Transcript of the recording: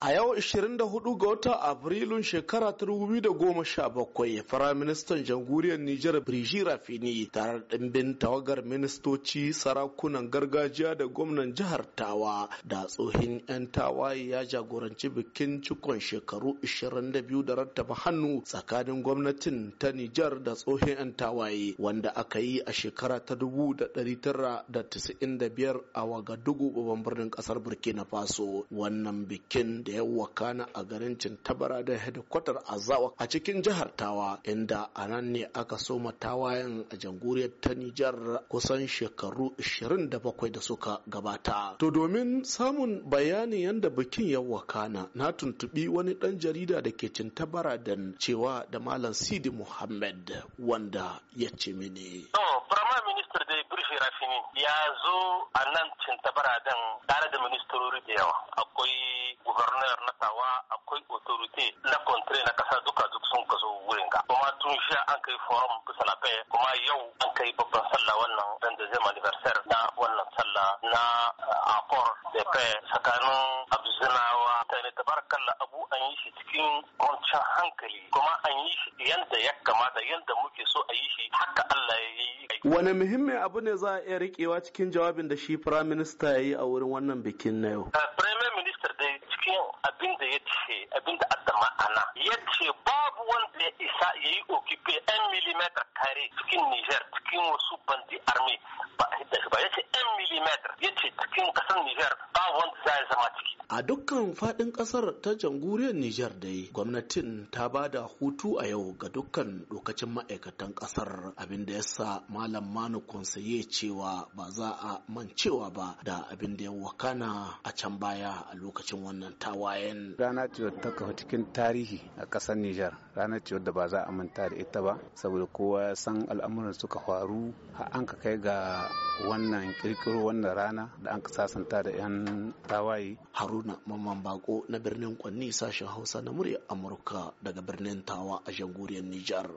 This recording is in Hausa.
A yau 24 ga watan Afrilun shekara ta 2017, Firaministan Jamhuriyar Nijar Birji Rafini tare da ɗimbin tawagar ministoci, sarakunan gargajiya da gwamnan jihar Tawa da tsohin 'yan tawaye ya jagoranci bikin cikon shekaru 22 da rattaba hannu tsakanin gwamnatin ta Nijar da tsohin 'yan tawaye wanda aka yi a shekara ta 1995 a Wagadugu babban birnin ƙasar Burkina Faso. Wannan bikin da ya wakana a garin Cintabara da hedikwatar Azawa a cikin jihar Tawa inda a nan ne aka soma tawayen a jamhuriyar ta Nijar kusan shekaru 27 da suka gabata. To domin samun bayanin yadda bikin ya wakana na tuntubi wani ɗan jarida da ke Cintabara da cewa da Malam Sidi Muhammad wanda ya ce mini. ministar da ya zo a nan Cintabara don tare da ministrori da yawa. jihar nasawa akwai authority na country na kasa duka duk sun ka zo wurin ka kuma tun sha an kai forum bisa kuma yau an kai babban sallah wannan dan da zai anniversaire na wannan sallah na eh, akor da kai tsakanin abzinawa ta ne tabarakalla abu an yi shi cikin kwanciyar hankali kuma an yi shi yadda ya kamata yadda muke so a yi shi haka Allah ya yi wani muhimmin abu ne za a iya rikewa cikin jawabin da shi firaminista ya yi a wurin wannan bikin na yau eh, ya ce abinda adda ma'ana ya ce babu wanda ya isa ya yi okipe 'yan milimetar kare cikin Nijar cikin wasu bandi army a dukkan fadin kasar ta jamhuriyar Nijar dai gwamnatin ta ba da hutu a yau ga dukkan dokacin ma'aikatan kasar abin da sa malam Manu Konsaye cewa ba za a mancewa ba da abin da ya wakana a can baya a lokacin wannan tawayen rana ciwo ta kafa cikin tarihi a kasar Nijar. rana ciwo da ba za a manta da ita ba saboda kowa ya san al'amuran suka faru har an ka kai ga wannan kirkiro wannan rana da an sasanta da 'yan tawaye haruna mamman bako na birnin kwanni sashen hausa na murya amurka daga birnin tawa a jamhuriyar nijar